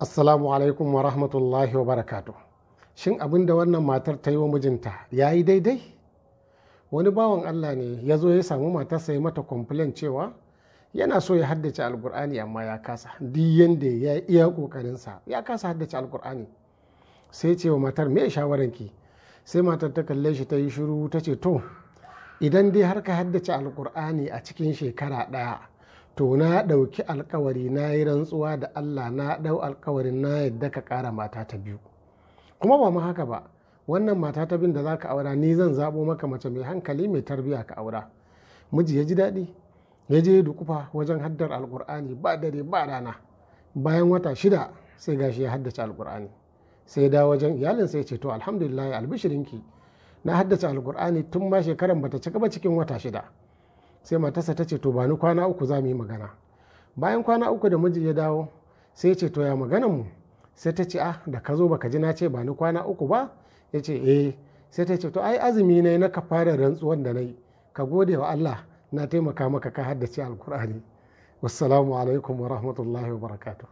assalamu alaikum wa rahmatullahi wa barakatu shin abin da wannan matar ta yi wa mijinta ya yi daidai wani bawan allah ne ya zo ya samu matarsa ya mata complain cewa yana so ya haddace alkur'ani amma ya kasa duk yadda ya iya kokarinsa ya kasa haddace alkur'ani sai ce wa matar me shawaranki sai matar ta kalle shi ta yi shiru ta ce to idan dai har ka haddace alkur'ani a cikin shekara ɗaya to na ɗauki alkawari na yi rantsuwa da allah na dau alkawarin na yadda ka ƙara mata ta biyu kuma ba mu haka ba wannan mata ta bin da za ka aura ni zan zaɓo maka mace mai hankali mai tarbiyya ka aura miji ya ji daɗi ya je dukufa wajen haddar alkur'ani ba dare ba rana bayan wata shida sai gashi ya haddace alkur'ani sai da wajen iyalin sai ce to alhamdulillah albishirinki na haddace alkur'ani tun ma shekaran bata cika ba cikin wata shida sai matarsa ta ce to ba ni kwana uku za mu yi magana bayan kwana uku da miji ya dawo sai ya ce to ya maganan mu sai ta ce ah da ka zo baka ji na ce ba ni kwana uku ba ya ce eh sai ta ce to ai azumi ne na ka fara rantsuwan da na yi ka gode wa Allah na taimaka maka ka haddace alkur'ani wassalamu alaikum wa rahmatullahi wa barakatuh